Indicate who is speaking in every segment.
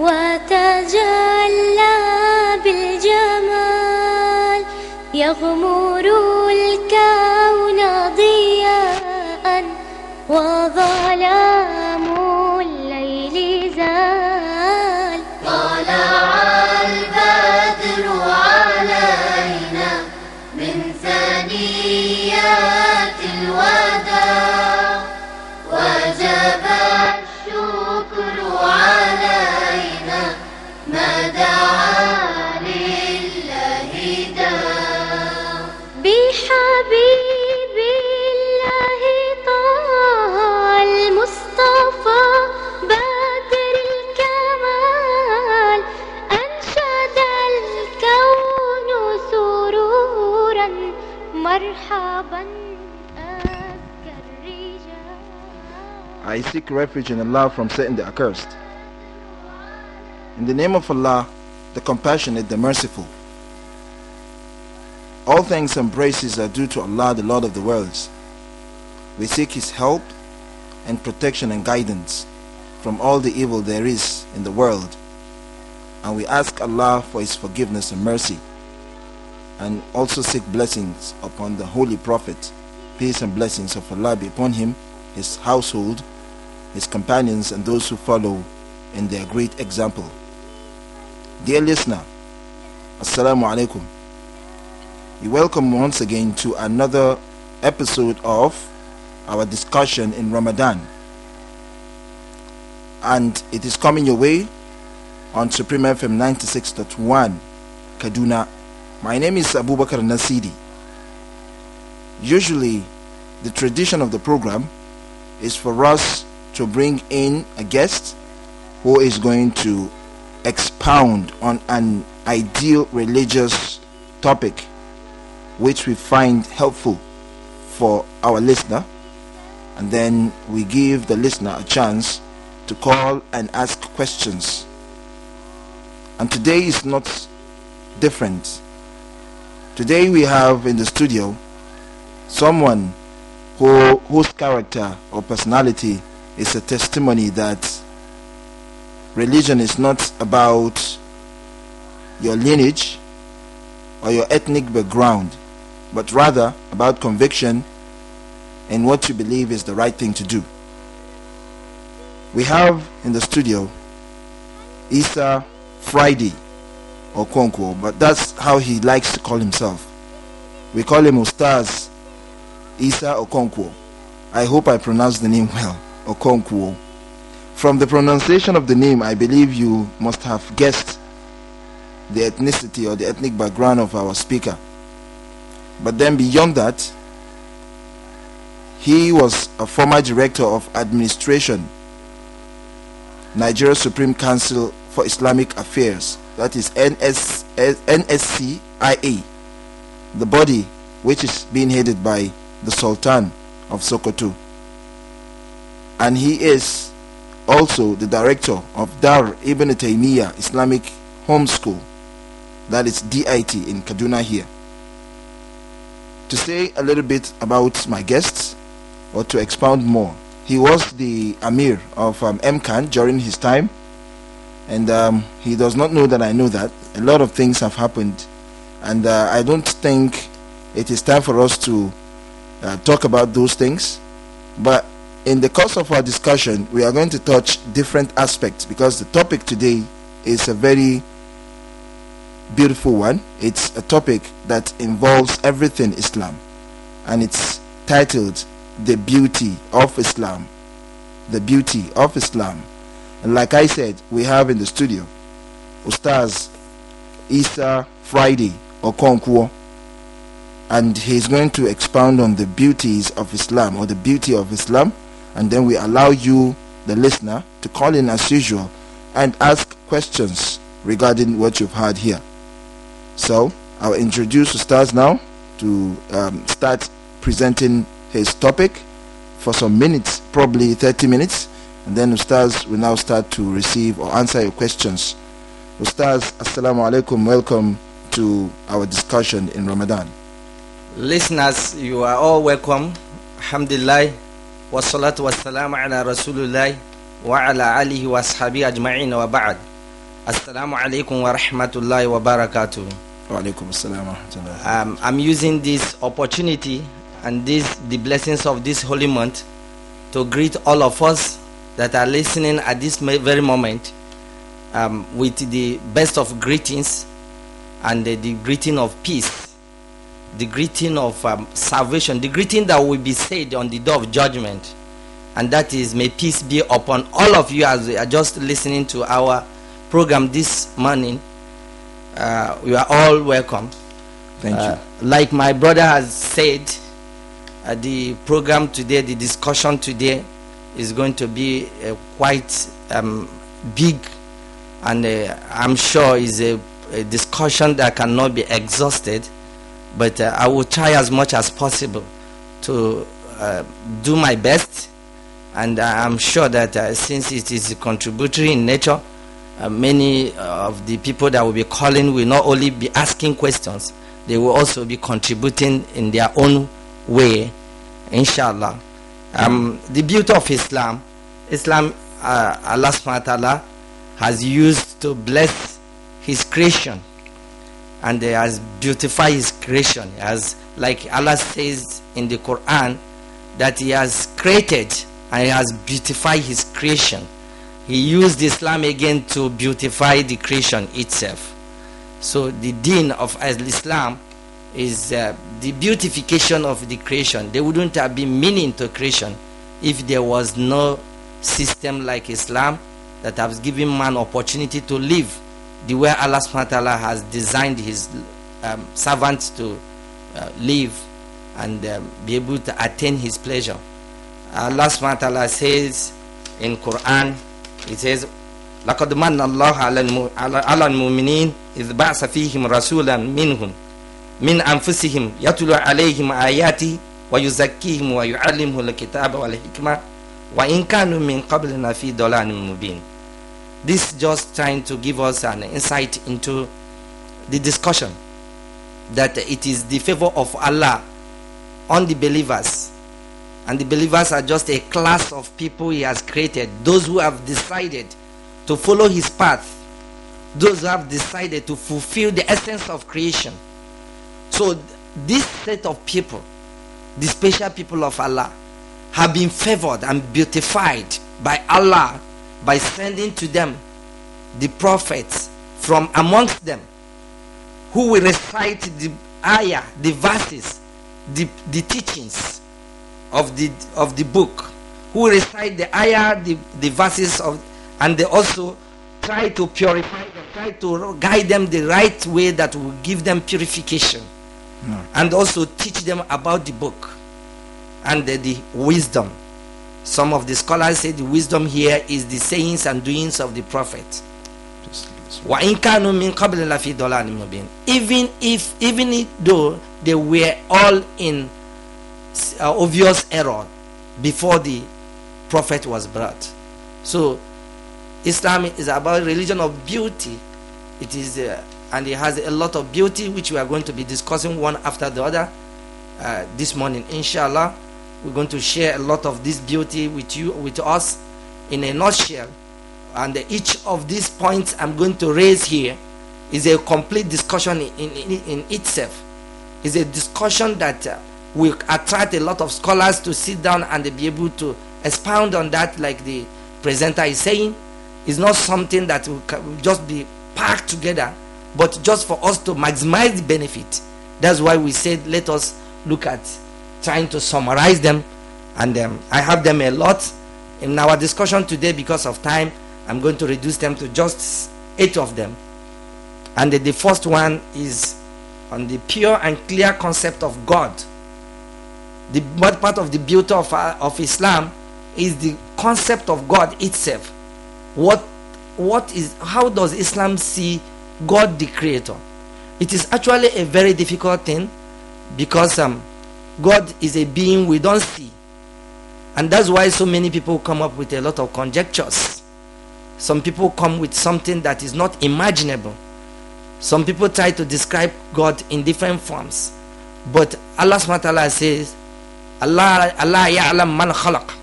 Speaker 1: وتجلى بالجمال يغمر
Speaker 2: I seek refuge in Allah from Satan the accursed. In the name of Allah, the compassionate, the merciful. All thanks and praises are due to Allah, the Lord of the worlds. We seek His help and protection and guidance from all the evil there is in the world. And we ask Allah for His forgiveness and mercy and also seek blessings upon the Holy Prophet, peace and blessings of Allah be upon him, his household, his companions, and those who follow in their great example. Dear listener, Assalamu alaikum. You welcome once again to another episode of our discussion in Ramadan. And it is coming your way on Supreme FM 96.1 Kaduna my name is Abubakar Nasidi. Usually, the tradition of the program is for us to bring in a guest who is going to expound on an ideal religious topic which we find helpful for our listener and then we give the listener a chance to call and ask questions and today is not different Today we have in the studio someone who, whose character or personality is a testimony that religion is not about your lineage or your ethnic background, but rather about conviction and what you believe is the right thing to do. We have in the studio Isa Friday. Okonkwo, but that's how he likes to call himself. We call him Ustaz Isa Okonkwo. I hope I pronounced the name well. Okonkwo. From the pronunciation of the name, I believe you must have guessed the ethnicity or the ethnic background of our speaker. But then beyond that, he was a former director of administration, Nigeria Supreme Council for Islamic Affairs, that is NS, NSCIA, the body which is being headed by the Sultan of Sokoto. And he is also the director of Dar Ibn Taymiyyah Islamic Home School, that is DIT in Kaduna here. To say a little bit about my guests, or to expound more, he was the Amir of um, MCAN during his time and um, he does not know that I know that. A lot of things have happened, and uh, I don't think it is time for us to uh, talk about those things. But in the course of our discussion, we are going to touch different aspects because the topic today is a very beautiful one. It's a topic that involves everything Islam, and it's titled The Beauty of Islam. The Beauty of Islam. And like I said, we have in the studio Ustaz Easter Friday Okonkwo. And he's going to expound on the beauties of Islam or the beauty of Islam. And then we allow you, the listener, to call in as usual and ask questions regarding what you've heard here. So I'll introduce Ustaz now to um, start presenting his topic for some minutes, probably 30 minutes and then Ustaz will now start to receive or answer your questions. Ustaz, Assalamu alaikum, welcome to our discussion in Ramadan.
Speaker 1: Listeners, you are all welcome. Alhamdulillah. Wassalatu salam ala Rasulullah wa ala alihi wa ashabi ajma'in wa ba'd. Assalamu alaikum wa rahmatullahi wa barakatuh. Wa alaikum assalam um, I'm using this opportunity and this the blessings of this holy month to greet all of us that are listening at this very moment um, with the best of greetings and the, the greeting of peace, the greeting of um, salvation, the greeting that will be said on the day of judgment. And that is, may peace be upon all of you as we are just listening to our program this morning. Uh, you are all welcome. Thank you. Uh, like my brother has said, uh, the program today, the discussion today, is going to be quite um, big, and uh, I'm sure is a, a, discussion that cannot be exhausted. But uh, I will try as much as possible to uh, do my best, and I'm sure that since it is contributory in nature. Uh, many of the people that will be calling will not only be asking questions, they will also be contributing in their own way, inshallah. Um, the beauty of Islam, Islam, uh, Allah subhanahu has used to bless His creation and He has beautified His creation. As like Allah says in the Quran, that He has created and He has beautified His creation. He used Islam again to beautify the creation itself. So the deen of Islam is uh, the beautification of the creation. There wouldn't have been meaning to creation if there was no system like Islam that has given man opportunity to live the way Allah subhanahu has designed his um, servants to uh, live and um, be able to attain his pleasure. Allah subhanahu says in Quran, it says, لقد من الله على المؤمنين إذ بعث فيهم رسولا منهم min anfusihim yatulu alayhim ayati wa yuzakkihim wa yuallimuhu alkitaba wal hikma wa in kanu min qablina fi dalalin mubin this just trying to give us an insight into the discussion that it is the favor of Allah on the believers and the believers are just a class of people he has created those who have decided to follow his path those who have decided to fulfill the essence of creation so this set of people, the special people of Allah, have been favored and beautified by Allah by sending to them the prophets from amongst them who will recite the ayah, the verses, the, the teachings of the, of the book, who will recite the ayah, the, the verses of, and they also try to purify them, try to guide them the right way that will give them purification. And also teach them about the book and the, the wisdom. Some of the scholars say the wisdom here is the sayings and doings of the prophet. Even if, even if though they were all in uh, obvious error before the prophet was brought. So, Islam is about religion of beauty. It is uh, and it has a lot of beauty which we are going to be discussing one after the other uh, this morning inshallah we're going to share a lot of this beauty with you with us in a nutshell and each of these points i'm going to raise here is a complete discussion in, in, in itself is a discussion that uh, will attract a lot of scholars to sit down and be able to expound on that like the presenter is saying it's not something that will just be packed together but just for us to maximize the benefit. That's why we said let us look at trying to summarize them. And um, I have them a lot in our discussion today because of time. I'm going to reduce them to just eight of them. And the, the first one is on the pure and clear concept of God. The what part of the beauty of, uh, of Islam is the concept of God itself. What what is how does Islam see God the creator. It is actually a very difficult thing because um, God is a being we don't see. And that's why so many people come up with a lot of conjectures. Some people come with something that is not imaginable. Some people try to describe God in different forms. But Allah subhanahu says, Allah Allah man khalaq.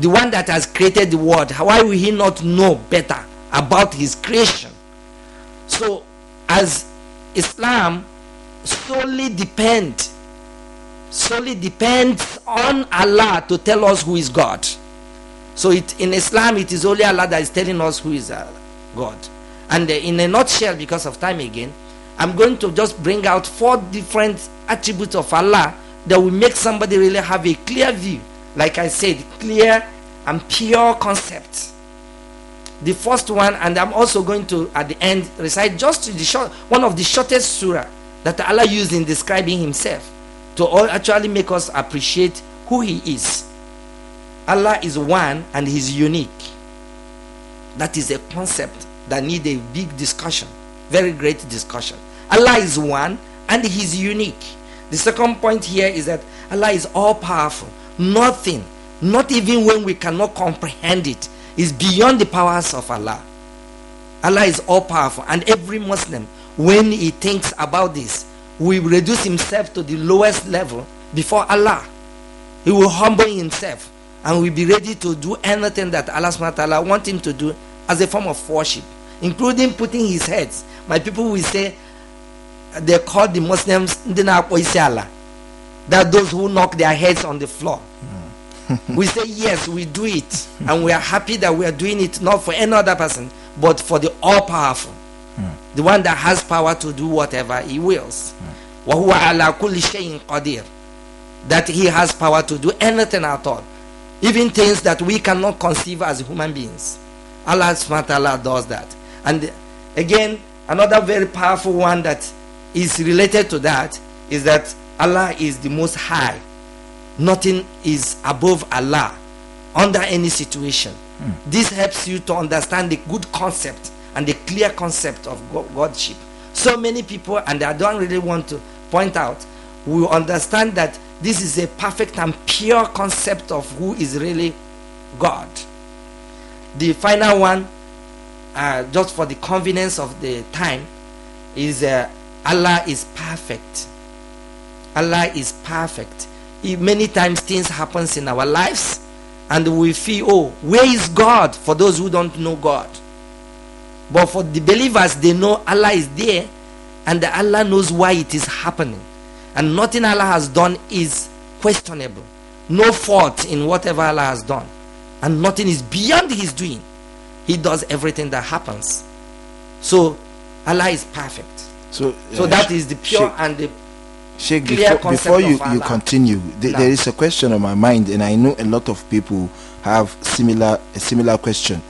Speaker 1: The one that has created the world, why will he not know better about his creation? So, as Islam solely depend, solely depends on Allah to tell us who is God. So it, in Islam, it is only Allah that is telling us who is uh, God. And uh, in a nutshell, because of time again, I'm going to just bring out four different attributes of Allah that will make somebody really have a clear view. Like I said, clear and pure concept the first one, and I'm also going to at the end recite just the short, one of the shortest surah that Allah used in describing Himself to all actually make us appreciate who He is. Allah is one and He's unique. That is a concept that need a big discussion, very great discussion. Allah is one and He's unique. The second point here is that Allah is all powerful. Nothing, not even when we cannot comprehend it, is beyond the powers of Allah. Allah is all powerful, and every Muslim, when he thinks about this, will reduce himself to the lowest level before Allah. He will humble himself and will be ready to do anything that Allah subhanahu wants him to do as a form of worship, including putting his heads. My people will say they call the Muslims that those who knock their heads on the floor. Mm. we say, Yes, we do it. And we are happy that we are doing it not for any other person, but for the all powerful, hmm. the one that has power to do whatever he wills. Hmm. Yeah. That he has power to do anything at all, even things that we cannot conceive as human beings. Allah subhanahu does that. And again, another very powerful one that is related to that is that Allah is the most high. Nothing is above Allah under any situation. Hmm. This helps you to understand the good concept and the clear concept of Godship. So many people, and I don't really want to point out, will understand that this is a perfect and pure concept of who is really God. The final one, uh, just for the convenience of the time, is uh, Allah is perfect. Allah is perfect many times things happens in our lives and we feel oh where is god for those who don't know god but for the believers they know allah is there and allah knows why it is happening and nothing allah has done is questionable no fault in whatever allah has done and nothing is beyond his doing he does everything that happens so allah is perfect so so that is the pure and the Sheikh, before, before you, you
Speaker 2: continue, th- there is a question on my mind, and I know a lot of people have similar a similar question.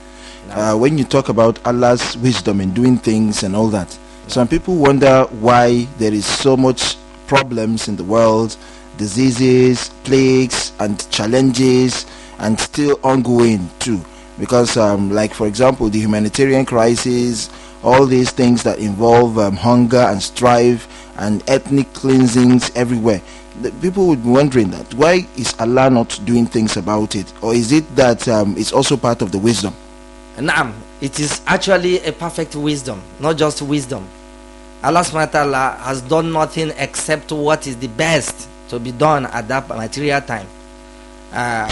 Speaker 2: Uh, when you talk about Allah's wisdom in doing things and all that, some people wonder why there is so much problems in the world, diseases, plagues, and challenges, and still ongoing too. Because, um, like for example, the humanitarian crisis, all these things that involve um, hunger and strife and ethnic cleansings everywhere. The people would be wondering that why is Allah not doing things about it, or is it that um, it's also part of the wisdom?
Speaker 1: Naam, it is actually a perfect wisdom, not just wisdom. Allah subhanahu has done nothing except what is the best to be done at that material time. Uh,